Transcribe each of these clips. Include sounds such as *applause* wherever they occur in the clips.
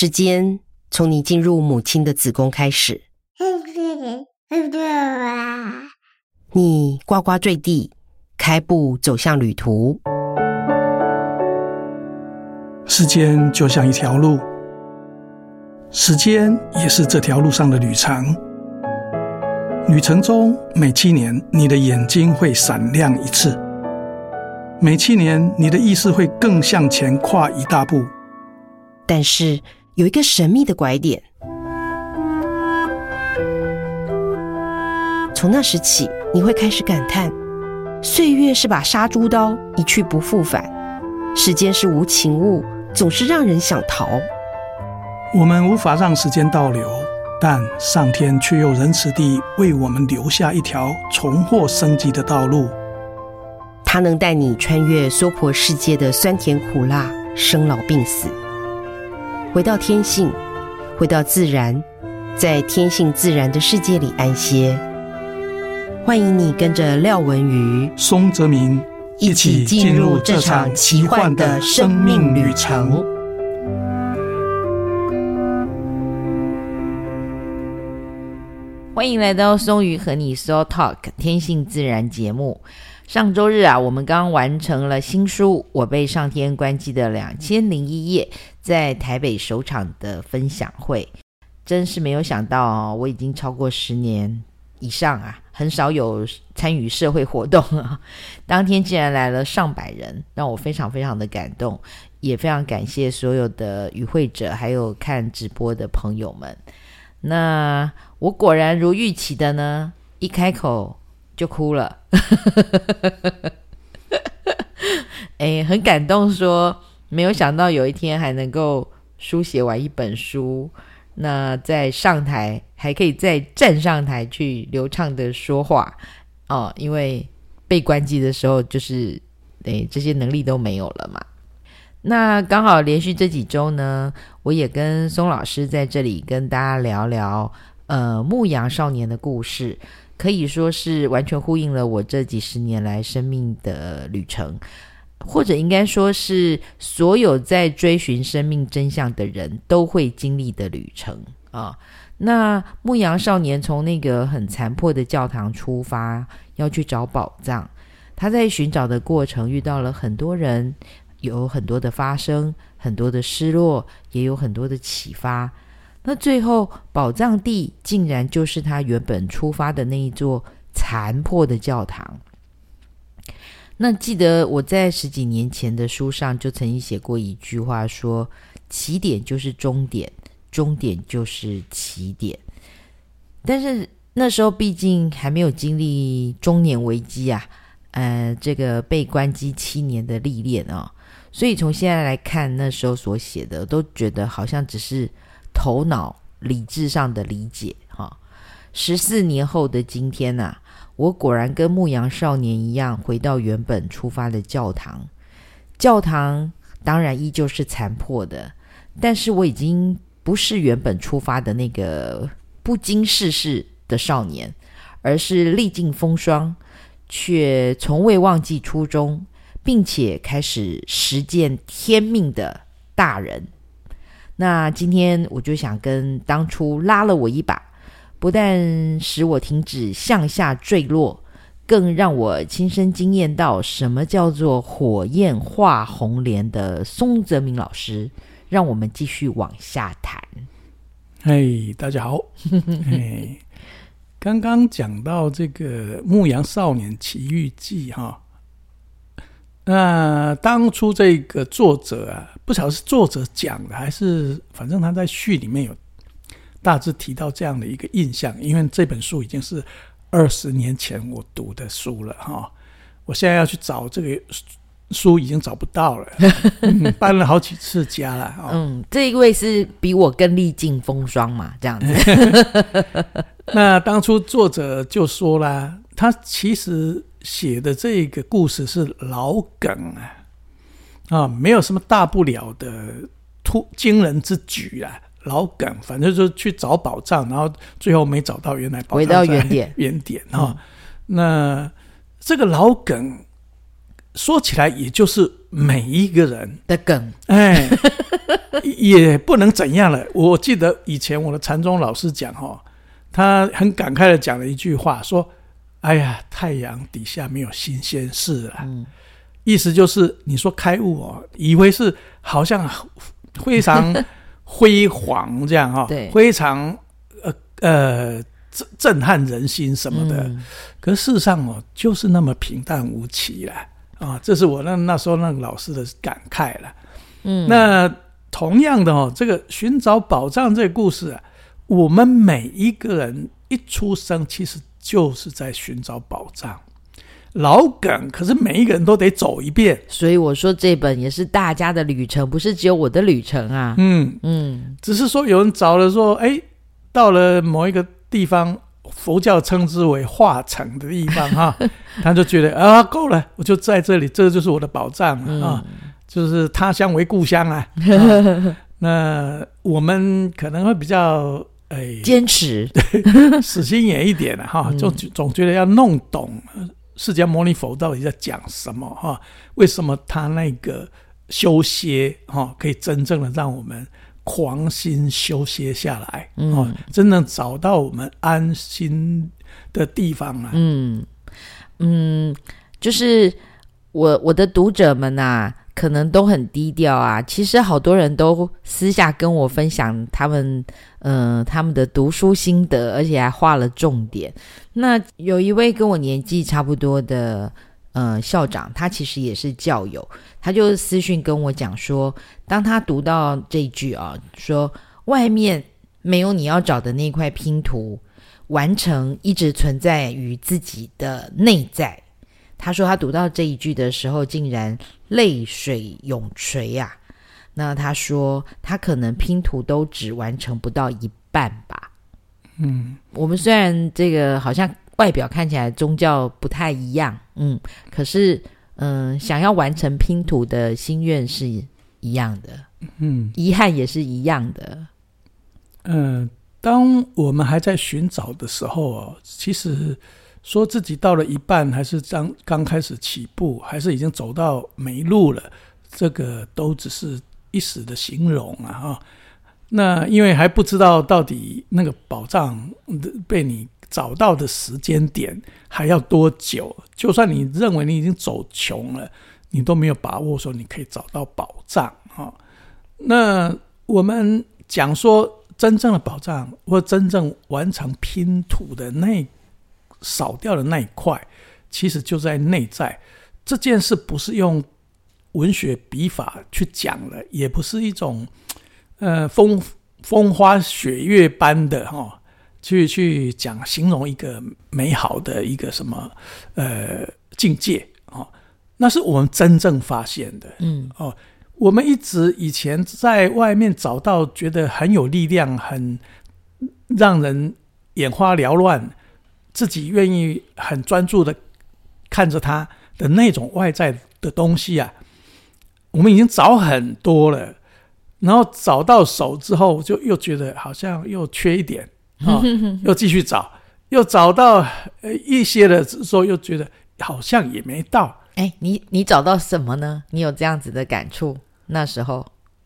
時間從你進入母親的子宮開始，你呱呱墜地，開步走向旅途。時間就像一條路，時間也是這條路上的旅程。旅程中每七年，你的眼睛會閃亮一次；每七年，你的意識會更向前跨一大步。但是。有一個神秘的拐點，從那時起，你會開始感嘆：歲月是把殺豬刀，一去不復返；時間是無情物，總是讓人想逃。我們無法讓時間倒流，但上天卻又仁慈地為我們留下一條重獲生機的道路。它能帶你穿越娑婆世界的酸甜苦辣、生老病死。回到天性，回到自然，在天性自然的世界裡安歇。歡迎你跟着廖文瑜、松澤明，一起進入這場奇幻的生命旅程。歡迎來到松瑜和你 Soul Talk 天性自然節目。上周日啊，我們剛完成了新書《我被上天關機的兩千零一夜》。在台北首場的分享會，真是沒有想到，哦，我已經超過十年以上啊，很少有參與社會活動啊。當天竟然來了上百人，讓我非常非常的感動，也非常感謝所有的與會者，還有看直播的朋友們。那我果然如預期的呢，一開口就哭了， *laughs* 哎，很感動說。沒有想到有一天還能夠書寫完一本書，那在上台還可以再站上台去流暢地說話哦，因為被關機的時候就是誒、哎、這些能力都沒有了嘛。那剛好連續這幾周呢，我也跟松老師在這裡跟大家聊聊呃牧羊少年的故事，可以說是完全呼應了我這幾十年來生命的旅程。或者應該說是所有在追尋生命真相的人都會經歷的旅程啊。那牧羊少年從那個很殘破的教堂出發，要去找寶藏。他在尋找的過程遇到了很多人，有很多的發生，很多的失落，也有很多的啟發。那最後，寶藏地竟然就是他原本出發的那一座殘破的教堂。那記得我在十幾年前的書上就曾經寫過一句話說，說起點就是終點，終點就是起點。但是那時候畢竟還沒有經歷中年危機啊，呃，這個被關機七年的歷練啊，所以從現在來看，那時候所寫的都覺得好像只是頭腦理智上的理解哈。十四年後的今天吶、啊。我果然跟牧羊少年一樣，回到原本出發的教堂。教堂當然依舊是殘破的，但是我已經不是原本出發的那個不經世事的少年，而是歷盡風霜卻從未忘記初衷，並且開始實踐天命的大人。那今天我就想跟當初拉了我一把。不但使我停止向下墜落，更讓我親身經驗到什麼叫做“火焰化紅蓮”的松澤明老師。讓我們繼續往下談。嘿、hey，大家好。嘿、hey, *laughs* 剛剛講到這個《牧羊少年奇遇記》哈、哦，那當初這個作者啊，不曉得是作者講的，還是反正他在序裡面有。大致提到這樣的一個印象，因為這本書已經是二十年前我讀的書了哈、哦。我現在要去找這個書，書已經找不到了、 *laughs* 嗯，搬了好幾次家了、哦。嗯，這一位是比我更歷盡風霜嘛，這樣子。 *laughs* 嗯、那當初作者就說了，他其實寫的這個故事是老梗啊，啊、哦，沒有什麼大不了的突驚人之舉啊。老梗，反正就是去找寶藏，然後最後沒找到，原來寶藏在原點，回到原點，原點哈、哦嗯。那這個老梗說起來，也就是每一個人的梗，哎， *laughs* 也不能怎樣了。我記得以前我的禪宗老師講哈、哦，他很感慨地講了一句話，說：“哎呀，太陽底下沒有新鮮事啊。”嗯，意思就是，你說開悟哦，以為是好像非常。輝煌，這樣哈、哦，非常呃呃震震撼人心什麼的，嗯、可事實上哦就是那麼平淡無奇了啊，這是我那那時候那個老師的感慨了。嗯，那同樣的哦，這個尋找寶藏這個故事、啊，我們每一個人一出生其實就是在尋找寶藏。老梗，可是每一個人都得走一遍，所以我說這本也是大家的旅程，不是只有我的旅程啊。嗯嗯，只是說有人找了說，哎、欸，到了某一個地方，佛教稱之為化城的地方哈、啊，他就覺得 *laughs* 啊，夠了，我就在這裡，這個、就是我的寶藏啊、嗯，就是他鄉為故鄉啊。啊 *laughs* 那我們可能會比較哎，堅、欸、持 *laughs* 對死心眼一點的哈、啊嗯，就總覺得要弄懂。釋迦牟尼佛到底在講什麼？哈，為什麼他那個修歇哈，可以真正的讓我們狂心修歇下來？嗯，真正找到我們安心的地方啊！嗯嗯，就是我我的讀者們吶、啊。可能都很低調啊，其實好多人都私下跟我分享他們，呃，他們的讀書心得，而且還畫了重點。那有一位跟我年紀差不多的，呃，校長，他其實也是教友，他就私訊跟我講說，當他讀到這一句啊，說外面沒有你要找的那塊拼圖，完成一直存在於自己的內在。她說：“她讀到這一句的時候，竟然淚水湧垂呀、啊。”那她說：“她可能拼圖都只完成不到一半吧。”嗯，我們雖然這個好像外表看起來宗教不太一樣，嗯，可是嗯，想要完成拼圖的心願是一樣的，嗯，遺憾也是一樣的。嗯，呃、當我們還在尋找的時候，其實。說自己到了一半，還是剛剛開始起步，還是已經走到沒路了，這個都只是一時的形容啊！哈，那因為還不知道到底那個寶藏被你找到的時間點還要多久。就算你認為你已經走窮了，你都沒有把握說你可以找到寶藏。那我們講說真正的寶藏，或真正完成拼圖的那個。少掉的那一塊，其實就在內在。這件事不是用文學筆法去講了，也不是一種呃風風花雪月般的哈、哦，去去講形容一個美好的一個什麼呃境界啊、哦，那是我們真正發現的。嗯哦，我們一直以前在外面找到覺得很有力量，很讓人眼花繚亂。自己願意很專注的看着他的那種外在的東西啊，我們已經找很多了，然後找到手之後，就又覺得好像又缺一點啊，哦、 *laughs* 又繼續找，又找到、呃、一些的時候又覺得好像也沒到。哎、欸，你你找到什麼呢？你有這樣子的感觸那時候？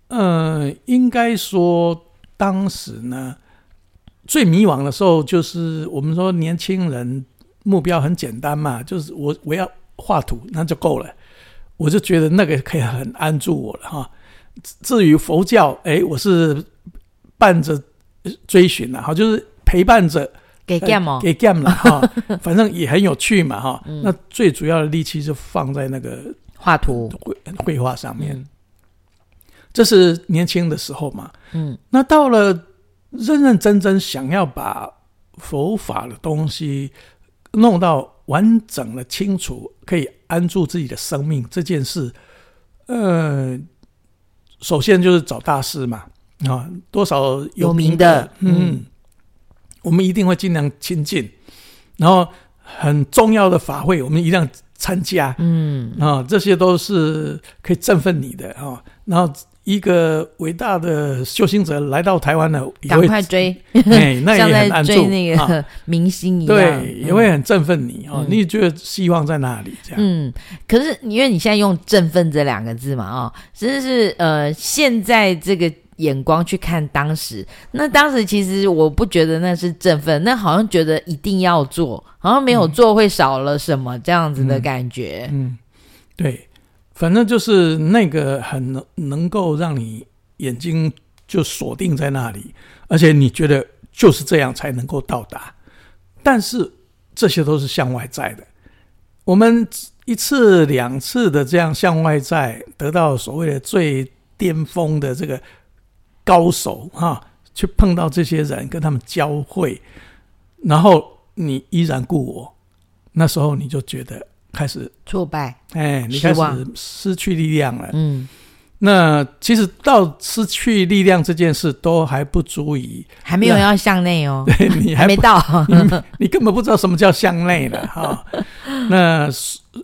嗯、呃，應該說當時呢。最迷惘的時候，就是我們說年輕人目標很簡單嘛，就是我我要畫圖那就夠了，我就覺得那個可以很安住我了哈、哦。至於佛教，哎，我是伴着追尋了、啊、哈，就是陪伴着給 g 給了哈，喔哦、 *laughs* 反正也很有趣嘛哈、哦 *laughs* 嗯。那最主要的力氣就放在那個畫圖繪繪畫上面、嗯，這是年輕的時候嘛。嗯，那到了。認認真真想要把佛法的東西弄到完整的清楚，可以安住自己的生命這件事，呃，首先就是找大師嘛，啊、哦，多少有名的，有名的嗯，嗯，我們一定會盡量親近，然後很重要的法會我們一定要參加，嗯，啊、哦，這些都是可以振奮你的啊、哦，然後。一個偉大的修行者來到台灣了，趕快追， *laughs* 像在追那個明星一樣，啊、對、嗯，也會很振奮你哦。嗯、你也覺得希望在哪裡？這樣，嗯，可是因為你現在用“振奮”這兩個字嘛，哦，其實是呃，現在這個眼光去看當時，那當時其實我不覺得那是振奮，那好像覺得一定要做，好像沒有做會少了什麼、嗯、這樣子的感覺。嗯，嗯對。反正就是那個很能能夠讓你眼睛就鎖定在那裡，而且你覺得就是這樣才能夠到達。但是這些都是向外在的，我們一次兩次的這樣向外在得到所謂的最巔峰的這個高手哈，去碰到這些人跟他們交匯，然後你依然故我，那時候你就覺得。開始挫敗，哎、欸，你開始失去力量了。嗯，那其實到失去力量這件事都還不足以，還沒有要向內哦。對，你還，還沒到 *laughs* 你，你根本不知道什麼叫向內了哈、哦。那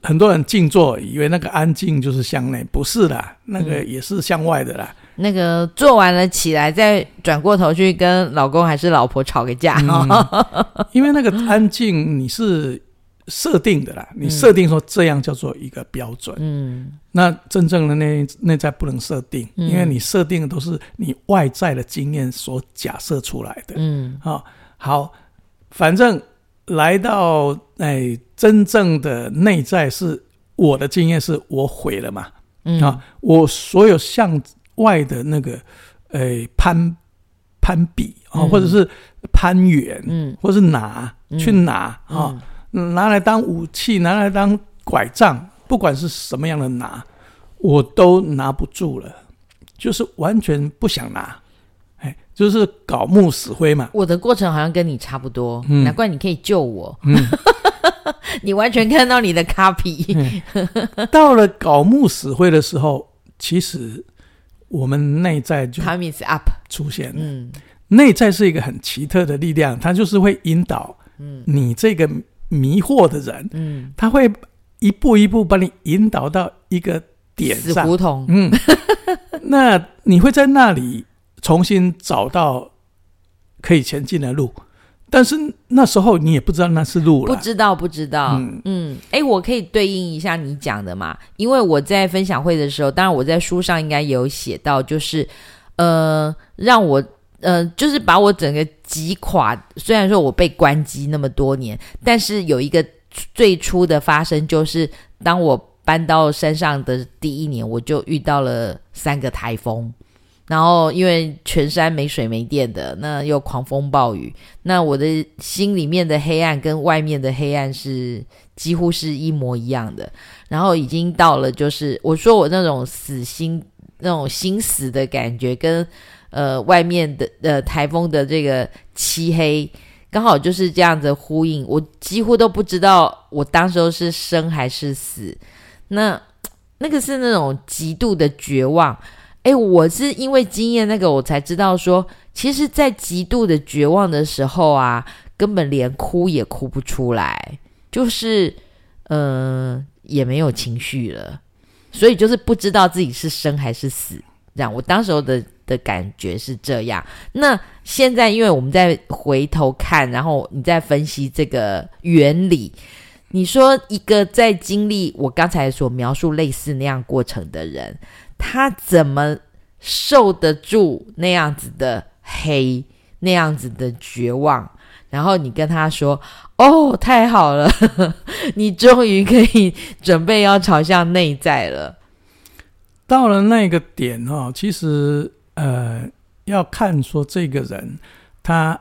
很多人靜坐，以為那個安靜就是向內，不是啦，那個也是向外的啦。那個做完了起來，再轉過頭去跟老公還是老婆吵個架，因為那個安靜你是。設定的啦，你設定說這樣叫做一個標準。嗯，那真正的內內在不能設定，嗯，因為你設定的都是你外在的經驗所假設出來的。嗯、哦、好，反正來到哎、欸，真正的內在是我的經驗是我毀了嘛、嗯哦，我所有向外的那個哎、欸、攀攀比啊、嗯，或者是攀援，嗯，或是拿、嗯、去拿、嗯哦拿來當武器，拿來當拐杖，不管是什麼樣的拿，我都拿不住了，就是完全不想拿，哎、就是槁木死灰嘛。我的過程好像跟你差不多，嗯、難怪你可以救我。嗯、 *laughs* 你完全看到你的卡皮、 *laughs* 嗯，到了槁木死灰的時候，其實我們內在就 time is up 出現。嗯，內在是一個很奇特的力量，它就是會引導你這個。迷惑的人，嗯，他會一步一步把你引導到一個點上死胡同，嗯， *laughs* 那你會在那裡重新找到可以前進的路，但是那時候你也不知道那是路了，不知道，不知道，嗯，哎，嗯，欸，我可以對應一下你講的嘛？因為我在分享會的時候，當然我在書上應該有寫到，就是呃，讓我。呃，就是把我整個擊垮。雖然說我被關機那麼多年，但是有一個最初的發生，就是當我搬到山上的第一年，我就遇到了三個颱風。然後因為全山沒水沒電的，那又狂風暴雨，那我的心裡面的黑暗跟外面的黑暗是幾乎是一模一樣的。然後已經到了，就是我說我那種死心、那種心死的感覺跟。呃，外面的呃颱風的這個漆黑，剛好就是這樣子呼應。我幾乎都不知道我當時候是生還是死。那那個是那種極度的絕望。哎、欸，我是因為經驗那個，我才知道說，其實，在極度的絕望的時候啊，根本連哭也哭不出來，就是嗯、呃，也沒有情緒了，所以就是不知道自己是生還是死。這樣，我當時候的。的感覺是這樣。那現在，因為我們再回頭看，然後你再分析這個原理。你說一個在經歷我剛才所描述類似那樣過程的人，他怎麼受得住那樣子的黑、那樣子的絕望？然後你跟他說：“哦，太好了，呵呵，你終於可以準備要朝向內在了。”到了那個點啊，其實。呃，要看說這個人他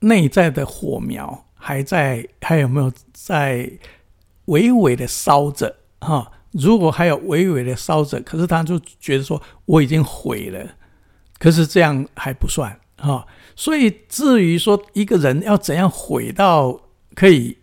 內在的火苗還在，還有沒有在微微的燒着哈？如果還有微微的燒着，可是他就覺得說我已經毀了，可是這樣還不算哈、哦。所以至於說一個人要怎樣毀到可以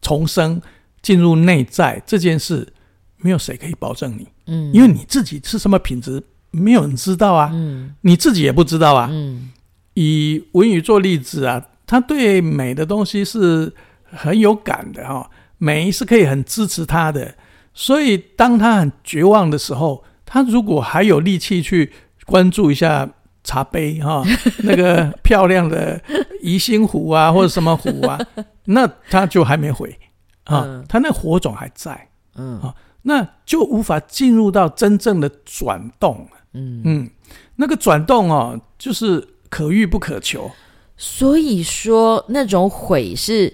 重生、進入內在這件事，沒有誰可以保證你，嗯，因為你自己是什麼品質？沒有人知道啊、嗯，你自己也不知道啊，嗯，以文瑜做例子啊，他對美的東西是很有感的哈，哦，美是可以很支持他的，所以當他很絕望的時候，他如果還有力氣去關注一下茶杯哈，哦， *laughs* 那個漂亮的宜興壺啊或者什麼壺啊，那他就還沒回。啊，哦嗯，他那火種還在，嗯，哦，那就無法進入到真正的轉動。嗯嗯，那個轉動哦、喔，就是可遇不可求，所以說那種毀是，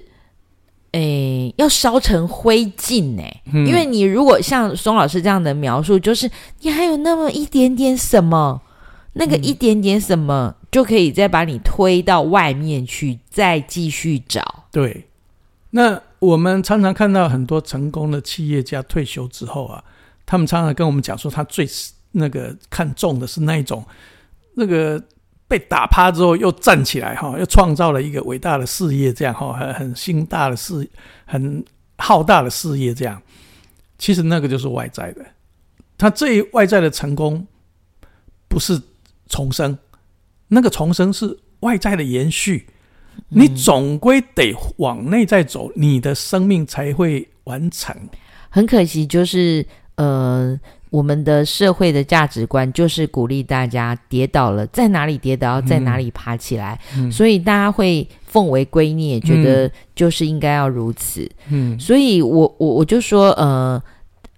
哎、欸，要燒成灰燼呢、欸嗯。因為你如果像松老師這樣的描述，就是你還有那麼一點點什麼，那個一點點什麼、嗯、就可以再把你推到外面去，再繼續找。對，那我們常常看到很多成功的企業家退休之後啊，他們常常跟我們講說，他最。那個看重的是那一種，那個被打趴之後又站起來哈，又創造了一個偉大的事業，這樣哈，很很宏大的事，很浩大的事業，這樣。其實那個就是外在的，他這一外在的成功，不是重生，那個重生是外在的延續。你總歸得往內在走，你的生命才會完成。嗯，很可惜，就是呃。我們的社會的價值觀就是鼓勵大家跌倒了，在哪裡跌倒，在哪裡爬起來，嗯、所以大家會奉為圭臬，也覺得就是應該要如此。嗯，所以我我我就說，呃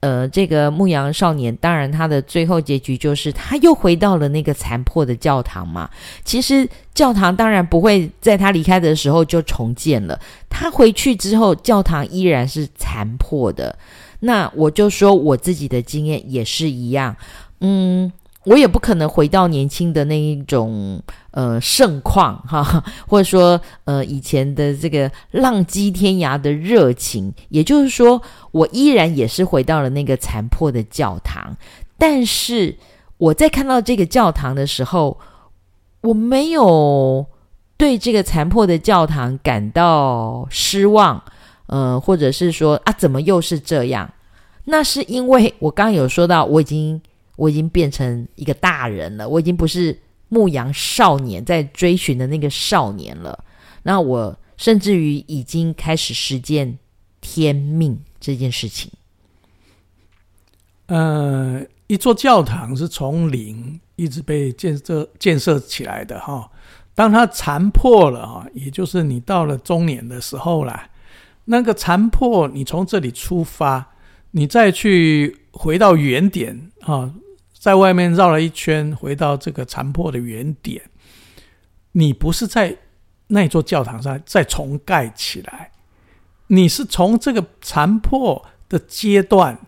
呃，這個牧羊少年，當然他的最後結局就是他又回到了那個殘破的教堂嘛。其實教堂當然不會在他離開的時候就重建了，他回去之後，教堂依然是殘破的。那我就說我自己的經驗也是一樣，嗯，我也不可能回到年輕的那一種呃盛況哈哈，或者說呃以前的這個浪跡天涯的熱情。也就是說，我依然也是回到了那個殘破的教堂，但是我在看到這個教堂的時候，我沒有對這個殘破的教堂感到失望。呃，或者是說啊，怎麼又是這樣？那是因為我剛剛有說到，我已經我已經變成一個大人了，我已經不是牧羊少年在追尋的那個少年了。那我甚至於已經開始實踐天命這件事情。呃，一座教堂是從零一直被建設建設起來的哈、哦，當它殘破了哈、哦，也就是你到了中年的時候了。那個殘破，你從這裡出發，你再去回到原點啊、哦，在外面繞了一圈，回到這個殘破的原點，你不是在那座教堂上再重蓋起來，你是從這個殘破的階段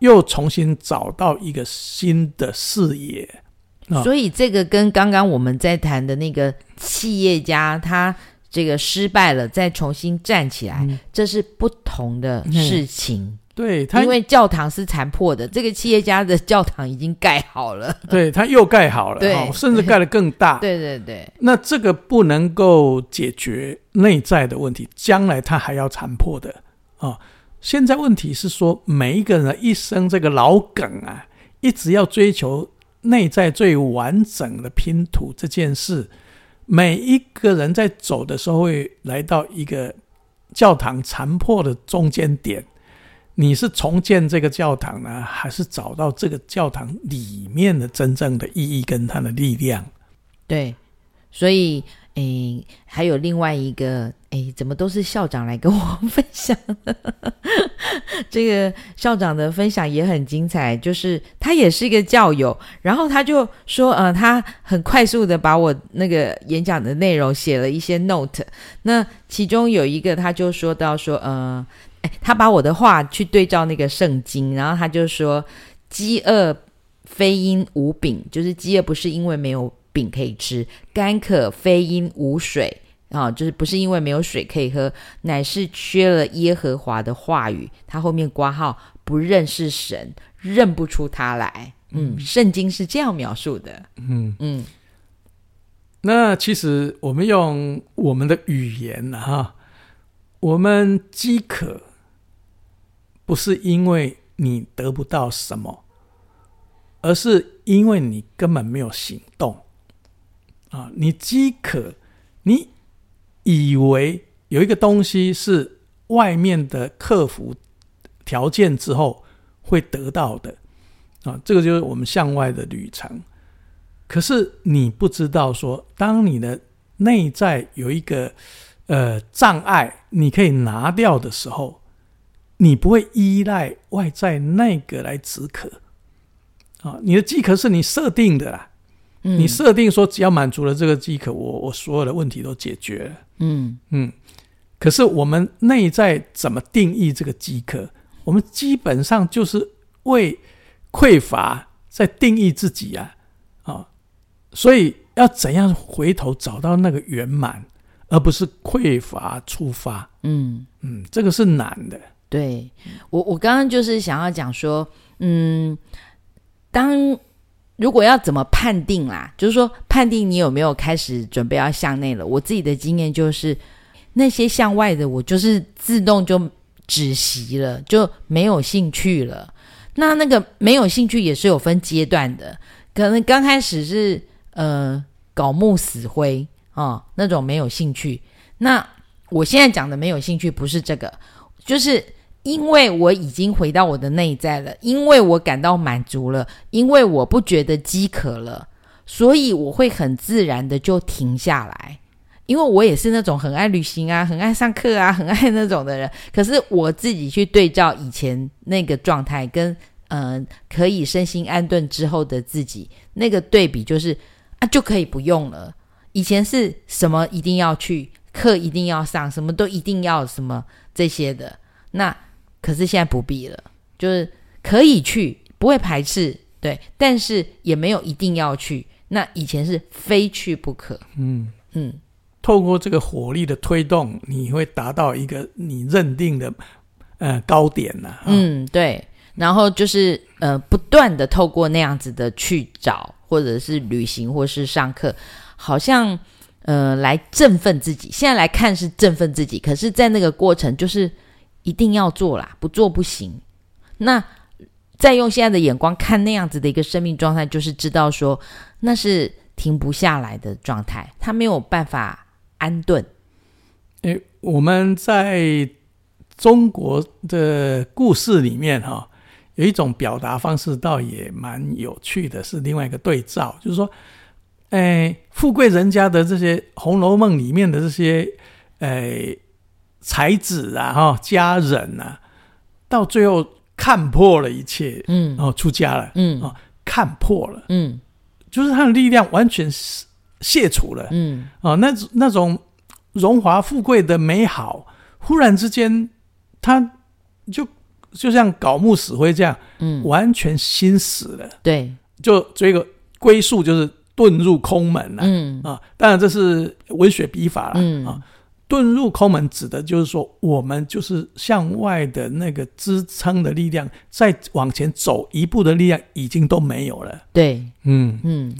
又重新找到一個新的視野。哦、所以，這個跟剛剛我們在談的那個企業家，他。這個失敗了，再重新站起來，嗯、這是不同的事情。對、嗯，因為教堂是殘破的、嗯，這個企業家的教堂已經蓋好了。對，他又蓋好了，對，哦、甚至蓋得更大。對對對，對。那這個不能夠解決內在的問題，將來他還要殘破的啊、哦！現在問題是說，每一個人一生這個老梗啊，一直要追求內在最完整的拼圖這件事。每一個人在走的時候，會來到一個教堂殘破的中間點。你是重建這個教堂呢，還是找到這個教堂裡面的真正的意義跟它的力量？對，所以，誒、嗯，還有另外一個。誒，怎麼都是校長來跟我分享？ *laughs* 這個校長的分享也很精彩，就是他也是一個教友，然後他就說，呃，他很快速的把我那個演講的內容寫了一些 note。那其中有一個，他就說到說，呃、哎，他把我的話去對照那個聖經，然後他就說，飢餓非因無餅，就是飢餓不是因為沒有餅可以吃，乾渴非因無水。啊、哦，就是不是因為沒有水可以喝，乃是缺了耶和華的話語。他後面括號不認識神，認不出他來。嗯，嗯，聖經是這樣描述的。嗯嗯。那其實我們用我們的語言啊，我們飢渴不是因為你得不到什麼，而是因為你根本沒有行動。啊，你飢渴，你。以為有一個東西是外面的克服條件之後會得到的啊。這個就是我們向外的旅程。可是你不知道說，當你的內在有一個呃障礙，你可以拿掉的時候，你不會依賴外在那個來止渴啊。你的飢渴是你設定的啦。嗯、你設定說，只要滿足了這個飢渴，我我所有的問題都解決了。嗯嗯，可是我們內在怎麼定義這個飢渴？我們基本上就是為匱乏在定義自己啊！啊、哦，所以要怎樣回頭找到那個圓滿，而不是匱乏出發？嗯嗯，這個是難的。對我我剛剛就是想要講說，嗯，當。如果要怎麼判定啦、啊，就是說判定你有沒有開始準備要向內了，我自己的經驗就是，那些向外的我就是自動就止息了，就沒有興趣了。那那個沒有興趣也是有分階段的，可能剛開始是呃槁木死灰哦，那種沒有興趣。那我現在講的沒有興趣不是這個，就是。因為我已經回到我的內在了，因為我感到滿足了，因為我不覺得飢渴了，所以我會很自然的就停下來。因為我也是那種很愛旅行啊、很愛上課啊、很愛那種的人。可是我自己去對照以前那個狀態跟，跟、呃、嗯可以身心安頓之後的自己那個對比，就是啊就可以不用了。以前是什麼一定要去課一定要上，什麼都一定要什麼這些的那。可是現在不必了，就是可以去，不會排斥，對，但是也沒有一定要去。那以前是非去不可。嗯嗯，透過這個火力的推動，你會達到一個你認定的呃高點呢，啊，哦。嗯，對。然後就是呃不斷的透過那樣子的去找，或者是旅行，或是上課，好像呃來振奮自己。現在來看是振奮自己，可是，在那個過程就是。一定要做啦，不做不行。那再用現在的眼光看那樣子的一個生命狀態，就是知道說那是停不下來的狀態，他沒有辦法安頓、欸。我們在中國的故事裡面哈、哦，有一種表達方式倒也蠻有趣的，是另外一個對照，就是說，哎、欸，富貴人家的這些《紅樓夢》裡面的這些，哎、欸。才子啊，哈，佳人吶、啊，到最後看破了一切，嗯，出家了，嗯，看破了，嗯，就是他的力量完全卸除了，嗯，那那種榮華富貴的美好，忽然之間，他就就像槁木死灰這樣，嗯，完全心死了，對，就這個歸宿，就是遁入空門了，嗯，啊，當然這是文學筆法了，嗯，啊、哦。遁入空門，指的就是說，我們就是向外的那個支撐的力量，再往前走一步的力量已經都沒有了。對，嗯嗯，誒、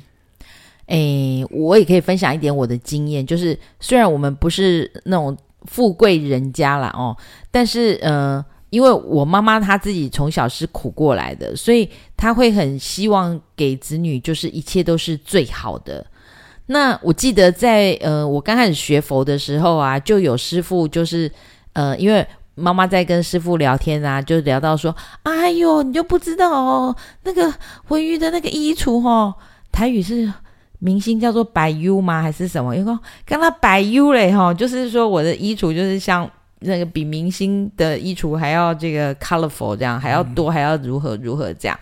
欸，我也可以分享一點我的經驗，就是雖然我們不是那種富貴人家啦，哦，但是呃，因為我媽媽她自己從小是苦過來的，所以她會很希望給子女就是一切都是最好的。那我記得在呃，我剛開始學佛的時候啊，就有師父就是，呃，因為媽媽在跟師父聊天啊，就聊到說，哎喲你就不知道哦，那個文瑜的那個衣櫥吼，台語是明星叫做白 U 嗎？還是什麼？因為個跟他白 U 嘞吼，就是說我的衣櫥就是像那個比明星的衣櫥還要這個 colorful 這樣，還要多，還要如何如何這樣。嗯、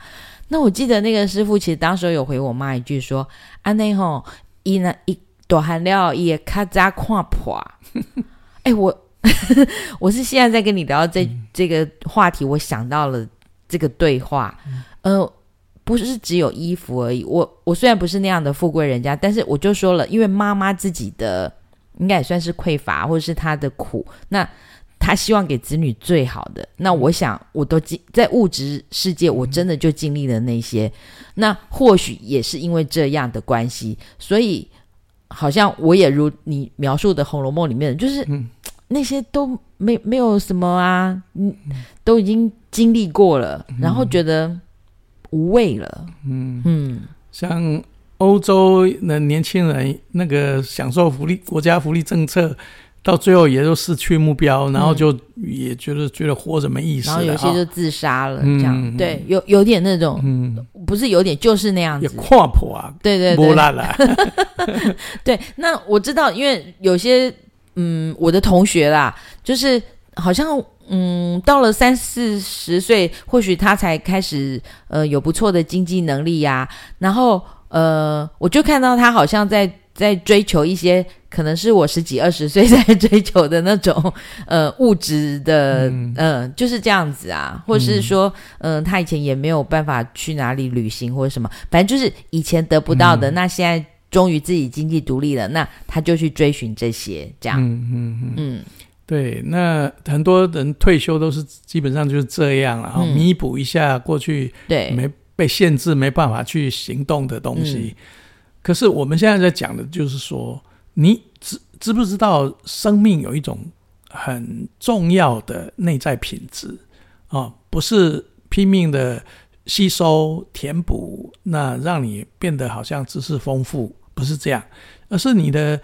那我記得那個師父其實當時候有回我媽一句說，安、啊、內吼。一呢，一朵含料也咔嚓跨破。哎、 *laughs* 欸，我 *laughs* 我是現在在跟你聊這、嗯、這個話題，我想到了這個對話。呃，不是只有衣服而已。我我雖然不是那樣的富貴人家，但是我就說了，因為媽媽自己的應該也算是匱乏，或者是她的苦那。他希望給子女最好的。那我想，我都經在物質世界，我真的就經歷了那些、嗯。那或許也是因為這樣的關係，所以好像我也如你描述的《紅樓夢》裡面，就是、嗯、那些都沒沒有什麼啊，嗯，都已經經歷過了，嗯、然後覺得無味了。嗯嗯，像歐洲的年輕人，那個享受福利國家福利政策。到最後也就失去目標，然後就也覺得、嗯、覺得活沒意思、啊。然後有些就自殺了，這樣、嗯嗯、對，有有點那種，嗯，不是有點，就是那樣子。也跨譜啊，對對對，木拉 *laughs* 對，那我知道，因為有些嗯，我的同學啦，就是好像嗯，到了三四十歲，或許他才開始呃，有不錯的經濟能力呀、啊。然後呃，我就看到他好像在在追求一些。可能是我十幾二十歲在追求的那種，呃，物質的、嗯，呃，就是這樣子啊，或是說，嗯、呃，他以前也沒有辦法去哪裡旅行或者什麼，反正就是以前得不到的，嗯，那現在終於自己經濟獨立了、嗯，那他就去追尋這些，這樣，嗯嗯嗯，對，那很多人退休都是基本上就是這樣，然後彌補一下過去，嗯、對沒被限制、沒辦法去行動的東西。嗯，可是我們現在在講的就是說。你知知不知道，生命有一種很重要的內在品質啊，不是拼命的吸收、填補，那讓你變得好像知識豐富，不是這樣，而是你的。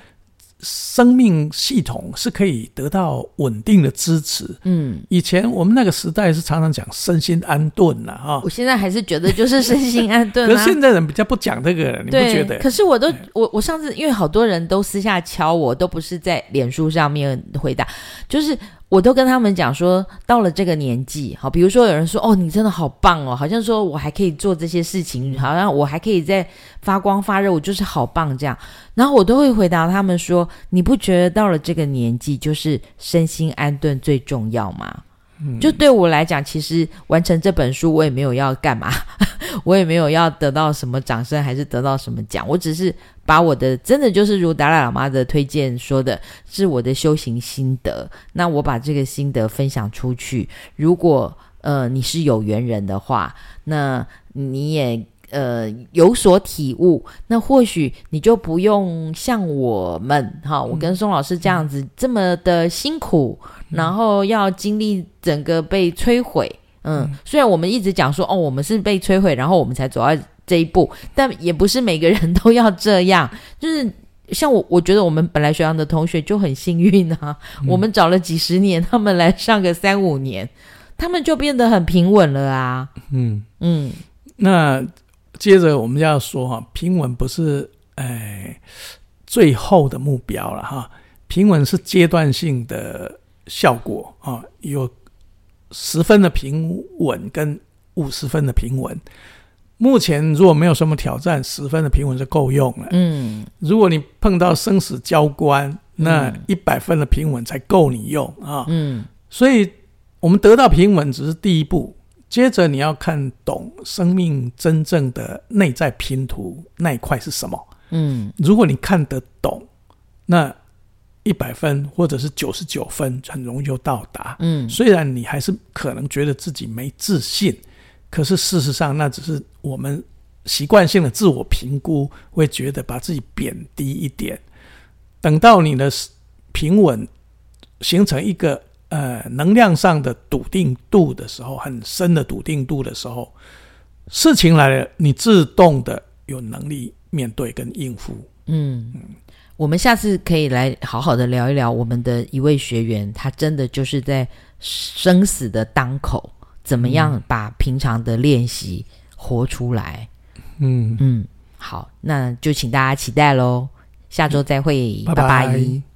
生命系統是可以得到穩定的支持。嗯，以前我們那個時代是常常講身心安頓了啊，我現在還是覺得就是身心安頓啊。 *laughs* 可是現在人比較不講這個， *laughs* 你不覺得？可是我都我我上次因為好多人都私下敲我，都不是在臉書上面回答，就是。我都跟他們講說，到了這個年紀，好，比如說有人說，哦，你真的好棒哦，好像說我還可以做這些事情，好像我還可以再發光發熱，我就是好棒這樣。然後我都會回答他們說，你不覺得到了這個年紀，就是身心安頓最重要嗎？ *noise* 就對我來講，其實完成這本書，我也沒有要幹嘛， *laughs* 我也沒有要得到什麼掌聲，還是得到什麼獎。我只是把我的真的就是如達賴喇嘛的推薦說的，是我的修行心得。那我把這個心得分享出去，如果呃你是有緣人的話，那你也。呃，有所體悟，那或許你就不用像我們哈，我跟松老師這樣子，嗯、這麼的辛苦，嗯，然後要經歷整個被摧毀。嗯，嗯雖然我們一直講說哦，我們是被摧毀，然後我們才走到這一步，但也不是每個人都要這樣。就是像我，我覺得我們本來學校的同學就很幸運啊，嗯，我們找了幾十年，他們來上個三五年，他們就變得很平穩了啊。嗯嗯，那。接着我們要說哈，平穩不是哎最後的目標了哈，平穩是階段性的效果啊，有十分的平穩跟五十分的平穩。目前如果沒有什麼挑戰，十分的平穩就夠用了。嗯，如果你碰到生死交關，那一百分的平穩才夠你用啊。嗯，所以我們得到平穩只是第一步。接着你要看懂生命真正的內在拼圖那一塊是什麼。嗯，如果你看得懂，那一百分或者是九十九分很容易就到達。嗯，雖然你還是可能覺得自己沒自信，可是事實上那只是我們習慣性的自我評估，會覺得把自己貶低一點。等到你的平穩形成一個。呃，能量上的篤定度的時候，很深的篤定度的時候，事情來了，你自動的有能力面對跟應付。嗯，嗯，我們下次可以來好好的聊一聊，我們的一位學員，他真的就是在生死的當口，怎麼樣把平常的練習活出來？嗯嗯，好，那就請大家期待嘍，下周再會，嗯、拜拜。拜拜。